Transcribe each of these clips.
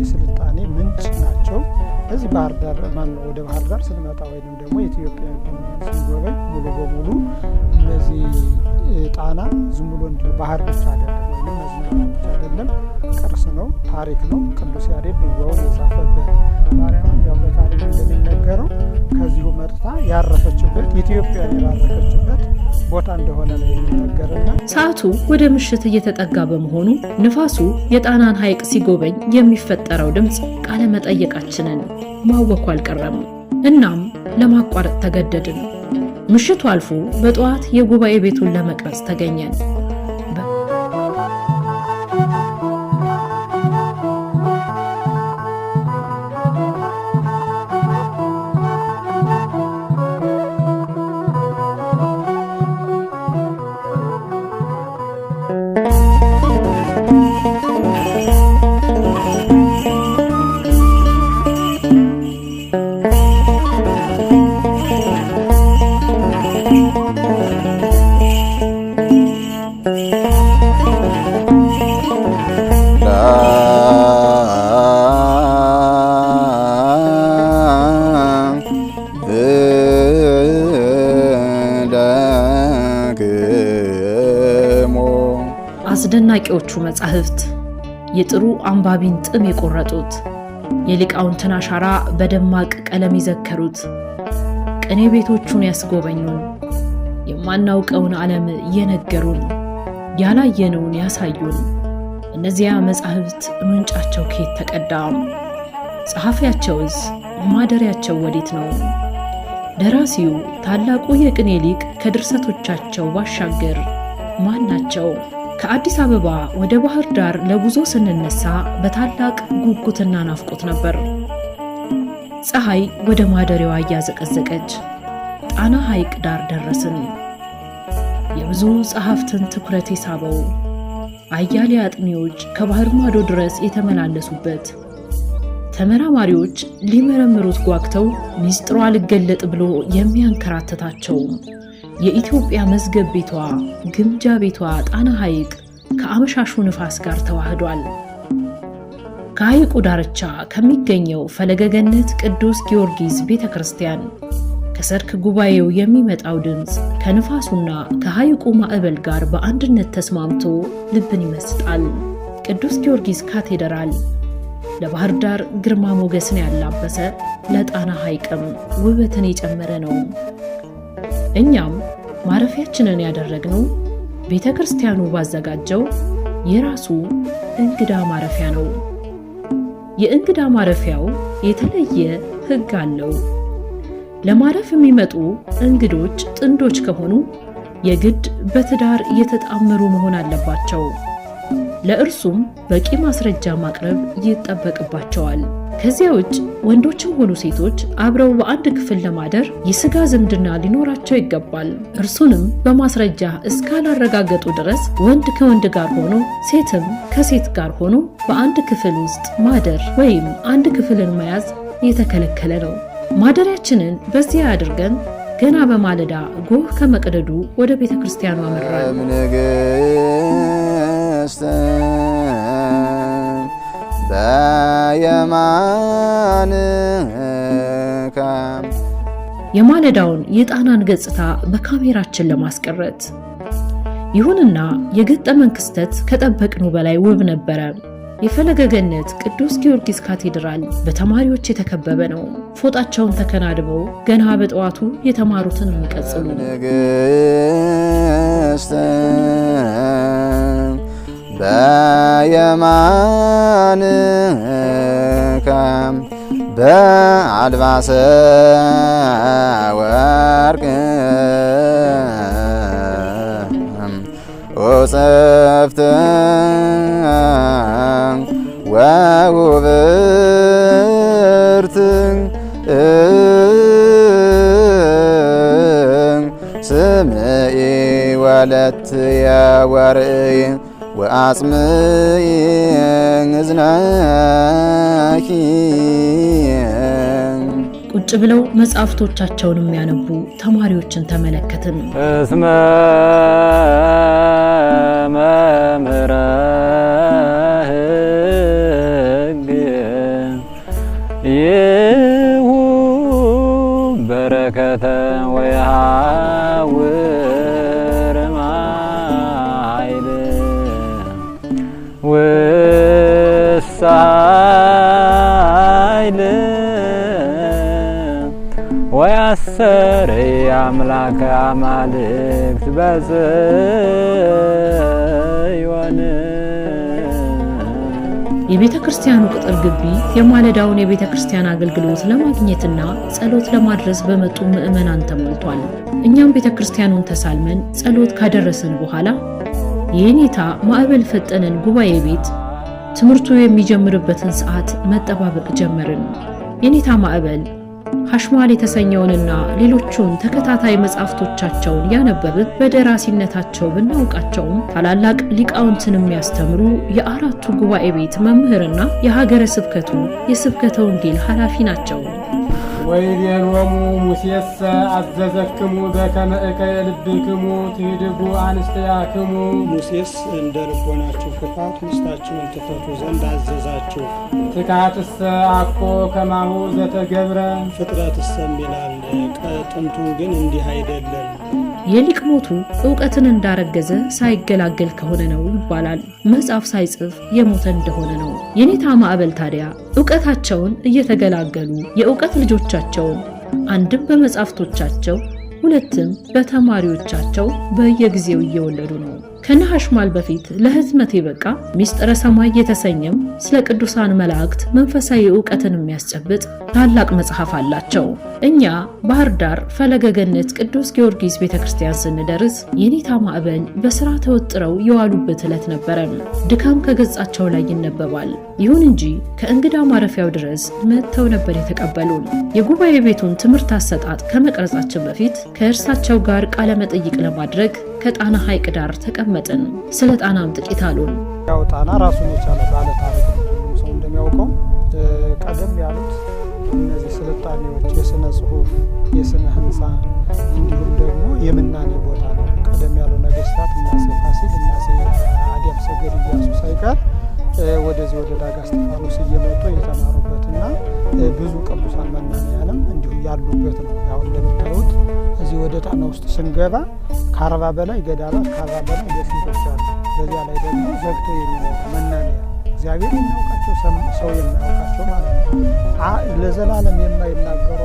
የስልጣኔ ምንጭ ናቸው። እዚህ ባህር ዳር ማነው ወደ ባህር ዳር ስንመጣ ወይም ደግሞ የኢትዮጵያ ስንጎበኝ ሙሉ በሙሉ እነዚህ ጣና ዝም ብሎ እንዲሁ ባህር ብቻ አይደለም ወይም መዝናኛ ብቻ አይደለም፣ ቅርስ ነው፣ ታሪክ ነው። ቅዱስ ያሬድ ድጓውን የጻፈበት ማርያም ያው በታሪክ እንደሚነ የባረከችበት ቦታ እንደሆነ ነው የሚነገርና ሰዓቱ ወደ ምሽት እየተጠጋ በመሆኑ ንፋሱ የጣናን ሐይቅ ሲጎበኝ የሚፈጠረው ድምፅ ቃለ መጠየቃችንን ማወኩ አልቀረም። እናም ለማቋረጥ ተገደድን። ምሽቱ አልፎ በጠዋት የጉባኤ ቤቱን ለመቅረጽ ተገኘን። አዋቂዎቹ መጻሕፍት የጥሩ አንባቢን ጥም የቆረጡት የሊቃውንትን አሻራ በደማቅ ቀለም ይዘከሩት ቅኔ ቤቶቹን ያስጎበኙን የማናውቀውን ዓለም የነገሩን ያላየነውን ያሳዩን እነዚያ መጻሕፍት ምንጫቸው ከየት ተቀዳ? ጸሐፊያቸውስ ማደሪያቸው ወዴት ነው? ደራሲው ታላቁ የቅኔ ሊቅ ከድርሰቶቻቸው ባሻገር ማን ናቸው? ከአዲስ አበባ ወደ ባህር ዳር ለጉዞ ስንነሳ በታላቅ ጉጉትና ናፍቆት ነበር። ፀሐይ ወደ ማደሪያዋ እያዘቀዘቀች ጣና ሐይቅ ዳር ደረስን። የብዙ ጸሐፍትን ትኩረት የሳበው አያሌ አጥኚዎች ከባህር ማዶ ድረስ የተመላለሱበት ተመራማሪዎች ሊመረምሩት ጓግተው ሚስጥሯ አልገለጥ ብሎ የሚያንከራተታቸው የኢትዮጵያ መዝገብ ቤቷ ግምጃ ቤቷ ጣና ሐይቅ ከአመሻሹ ንፋስ ጋር ተዋህዷል። ከሐይቁ ዳርቻ ከሚገኘው ፈለገገነት ቅዱስ ጊዮርጊስ ቤተ ክርስቲያን ከሰርክ ጉባኤው የሚመጣው ድምፅ ከንፋሱና ከሐይቁ ማዕበል ጋር በአንድነት ተስማምቶ ልብን ይመስጣል። ቅዱስ ጊዮርጊስ ካቴድራል ለባህር ዳር ግርማ ሞገስን ያላበሰ ለጣና ሐይቅም ውበትን የጨመረ ነው። እኛም ማረፊያችንን ያደረግነው ቤተ ክርስቲያኑ ባዘጋጀው የራሱ እንግዳ ማረፊያ ነው። የእንግዳ ማረፊያው የተለየ ሕግ አለው። ለማረፍ የሚመጡ እንግዶች ጥንዶች ከሆኑ የግድ በትዳር የተጣመሩ መሆን አለባቸው። ለእርሱም በቂ ማስረጃ ማቅረብ ይጠበቅባቸዋል። ከዚያ ውጭ ወንዶችም ሆኑ ሴቶች አብረው በአንድ ክፍል ለማደር የስጋ ዝምድና ሊኖራቸው ይገባል። እርሱንም በማስረጃ እስካላረጋገጡ ድረስ ወንድ ከወንድ ጋር ሆኖ ሴትም ከሴት ጋር ሆኖ በአንድ ክፍል ውስጥ ማደር ወይም አንድ ክፍልን መያዝ የተከለከለ ነው። ማደሪያችንን በዚያ አድርገን ገና በማለዳ ጎህ ከመቅደዱ ወደ ቤተ ክርስቲያኑ አመራል። ዘየማንከ የማለዳውን የጣናን ገጽታ በካሜራችን ለማስቀረት ይሁንና የገጠመን ክስተት ከጠበቅነው በላይ ውብ ነበረ። የፈለገ ገነት ቅዱስ ጊዮርጊስ ካቴድራል በተማሪዎች የተከበበ ነው። ፎጣቸውን ተከናድበው ገና በጠዋቱ የተማሩትን የሚቀጽሉ በየማንከም በአልባሰ ወርቅ ወጽፍት ወውብርት ስምኢ ወለት የወርኢ ወአጽምዒ ቁጭ ብለው መጽሐፍቶቻቸውን የሚያነቡ ተማሪዎችን ተመለከትን። እስመ መምህራን ውሳይል ወያሰር አምላከ አማልክት የቤተ ክርስቲያኑ ቅጥር ግቢ የማለዳውን የቤተ ክርስቲያን አገልግሎት ለማግኘትና ጸሎት ለማድረስ በመጡ ምዕመናን ተሞልቷል። እኛም ቤተ ክርስቲያኑን ተሳልመን ጸሎት ካደረስን በኋላ የኔታ ማዕበል ፈጠነን ጉባኤ ቤት ትምህርቱ የሚጀምርበትን ሰዓት መጠባበቅ ጀመርን። የኔታ ማዕበል ሐሽማል የተሰኘውንና ሌሎቹን ተከታታይ መጻሕፍቶቻቸውን ያነበብን በደራሲነታቸው ብናውቃቸውም ታላላቅ ሊቃውንትን የሚያስተምሩ የአራቱ ጉባኤ ቤት መምህርና የሀገረ ስብከቱ የስብከተ ወንጌል ኃላፊ ናቸው። ወይቤሎሙ ሙሴሰ አዘዘክሙ በከመ እከየ ልብክሙ ትሂድጉ አንስተያክሙ። ሙሴስ እንደ ልቦናችሁ ክፋት ውስጣችሁን ትፈቱ ዘንድ አዘዛችሁ። ትካትሰ አኮ ከማሁ ዘተገብረ ፍጥረትሰም ይላል ከጥንቱ ግን እንዲህ አይደለም። የሊቅ ሞቱ እውቀትን እንዳረገዘ ሳይገላገል ከሆነ ነው ይባላል። መጽሐፍ ሳይጽፍ የሞተ እንደሆነ ነው። የኔታ ማዕበል ታዲያ እውቀታቸውን እየተገላገሉ የእውቀት ልጆቻቸውን አንድም በመጽሐፍቶቻቸው ሁለትም በተማሪዎቻቸው በየጊዜው እየወለዱ ነው። ከነሐሽማል በፊት ለህትመት የበቃ ሚስጥረ ሰማይ የተሰኘም ስለ ቅዱሳን መላእክት መንፈሳዊ እውቀትን የሚያስጨብጥ ታላቅ መጽሐፍ አላቸው። እኛ ባህር ዳር ፈለገ ገነት ቅዱስ ጊዮርጊስ ቤተ ክርስቲያን ስንደርስ የኔታ ማዕበል በስራ ተወጥረው የዋሉበት ዕለት ነበረ። ድካም ከገጻቸው ላይ ይነበባል። ይሁን እንጂ ከእንግዳ ማረፊያው ድረስ መጥተው ነበር የተቀበሉን። የጉባኤ ቤቱን ትምህርት አሰጣጥ ከመቅረጻችን በፊት ከእርሳቸው ጋር ቃለ መጠይቅ ለማድረግ ከጣና ሐይቅ ዳር ተቀመጥን። ስለ ጣናም ጥቂት አሉን። ያው ጣና ራሱን የቻለ ባለ ሰው እንደሚያውቀው ቀደም ያሉት እነዚህ ስልጣኔዎች የስነ ጽሁፍ፣ የስነ ህንፃ እንዲሁም ደግሞ የምናኔ ቦታ ነው። ቀደም ያሉ ነገስታት እናሴ ፋሲል፣ እናሴ አዲያም ሰገድ፣ እያሱ ሳይቀር ወደዚህ ወደ ዳጋ እስጢፋኖስ እየመጡ የተማሩበት እና ብዙ ቅዱሳን መናንያንም እንዲሁ ያሉበት ነው። ያው እንደምታዩት እዚህ ወደ ጣና ውስጥ ስንገባ ከአርባ በላይ ገዳማት ከአርባ በላይ ደሴቶች አሉ። በዚያ ላይ ደግሞ ዘግቶ የሚኖሩ መናንያ እግዚአብሔር የሚያውቃቸው ሰው የሚያውቃቸው ማለት ነው። ለዘላለም የማይናገሩ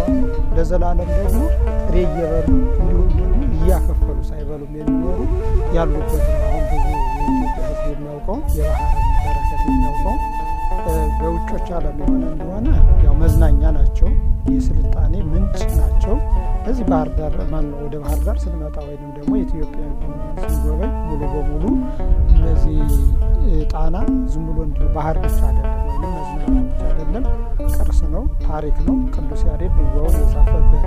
ለዘላለም ደግሞ ጥሬ እየበሉ እንዲሁም ደግሞ እያከፈሉ ሳይበሉም የሚኖሩ ያሉበት አሁን ብዙ የኢትዮጵያ ሕዝብ የሚያውቀው የባህር በረከት የሚያውቀው በውጮች ዓለም የሆነ እንደሆነ ያው መዝናኛ ናቸው፣ የስልጣኔ ምንጭ ናቸው። እዚህ ባህር ዳር ማነው ወደ ባህር ዳር ስንመጣ ወይም ደግሞ የኢትዮጵያ ስንጎበኝ ሙሉ በሙሉ እነዚህ ጣና ዝም ብሎ እንዲሁ ባህር ብቻ አይደለም ወይም መዝናኛ ብቻ አይደለም፣ ቅርስ ነው፣ ታሪክ ነው። ቅዱስ ያሬድ ድጓውን የጻፈበት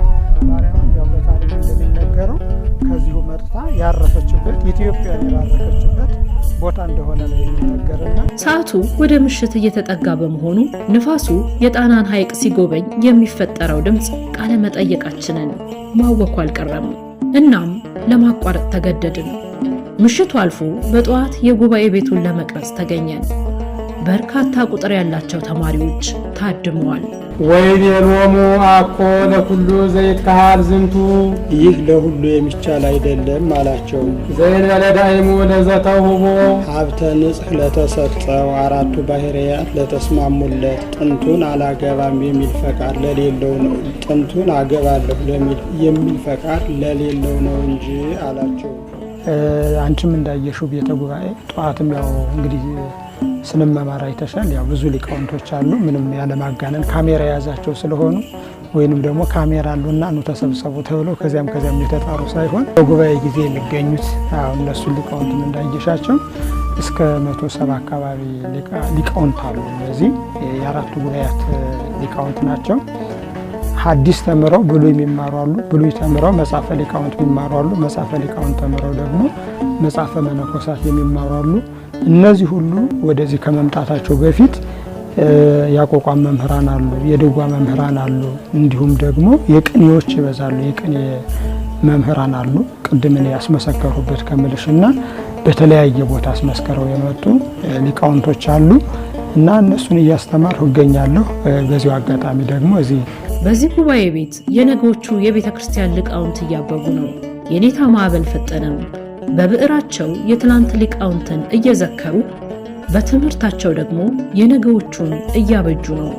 ማርያም ያው በታሪክ እንደሚነገረው ከዚሁ መጥታ ያረፈችበት ኢትዮጵያ ቦታ እንደሆነ ነው የሚነገርና ሰዓቱ ወደ ምሽት እየተጠጋ በመሆኑ ንፋሱ የጣናን ሐይቅ ሲጎበኝ የሚፈጠረው ድምፅ ቃለ መጠየቃችንን ማወኩ አልቀረም። እናም ለማቋረጥ ተገደድን። ምሽቱ አልፎ በጠዋት የጉባኤ ቤቱን ለመቅረጽ ተገኘን። በርካታ ቁጥር ያላቸው ተማሪዎች ታድመዋል። ወይቤሎሙ አኮ ለኩሉ ዘይካሃል ዝንቱ ይህ ለሁሉ የሚቻል አይደለም አላቸው። ዘይንበለ ዳይሙ ለዘተውቦ ሀብተ ንጽሕ ለተሰጠው አራቱ ባህርያት ለተስማሙለት ጥንቱን አላገባም የሚል ፈቃድ ለሌለው ነው ጥንቱን አገባለሁ የሚል ፈቃድ ለሌለው ነው እንጂ አላቸው። አንቺም እንዳየሽው ቤተ ጉባኤ ጠዋትም ያው እንግዲህ ስንመማር አይተሻል። ያው ብዙ ሊቃውንቶች አሉ ምንም ያለማጋነን ካሜራ የያዛቸው ስለሆኑ ወይንም ደግሞ ካሜራ አሉና ኑ ተሰብሰቡ ተብሎ ከዚያም ከዚያም የተጣሩ ሳይሆን በጉባኤ ጊዜ የሚገኙት እነሱ ሊቃውንት እንዳየሻቸው እስከ መቶ ሰባ አካባቢ ሊቃውንት አሉ። እነዚህ የአራቱ ጉባኤያት ሊቃውንት ናቸው። ሐዲስ ተምረው ብሉይ የሚማሩ አሉ። ብሉይ ተምረው መጻፈ ሊቃውንት የሚማሩ አሉ። መጽሐፈ ሊቃውንት ተምረው ደግሞ መጻፈ መነኮሳት የሚማሩ አሉ። እነዚህ ሁሉ ወደዚህ ከመምጣታቸው በፊት ያቋቋም መምህራን አሉ፣ የድጓ መምህራን አሉ፣ እንዲሁም ደግሞ የቅኔዎች ይበዛሉ። የቅኔ መምህራን አሉ። ቅድምን ያስመሰከሩበት ከምልሽ እና በተለያየ ቦታ አስመስከረው የመጡ ሊቃውንቶች አሉ እና እነሱን እያስተማርሁ እገኛለሁ። በዚሁ አጋጣሚ ደግሞ እዚህ በዚህ ጉባኤ ቤት የነገዎቹ የቤተ ክርስቲያን ሊቃውንት እያበቡ ነው። የኔታ ማዕበል ፈጠነም በብዕራቸው የትላንት ሊቃውንትን እየዘከሩ በትምህርታቸው ደግሞ የነገዎቹን እያበጁ ነው።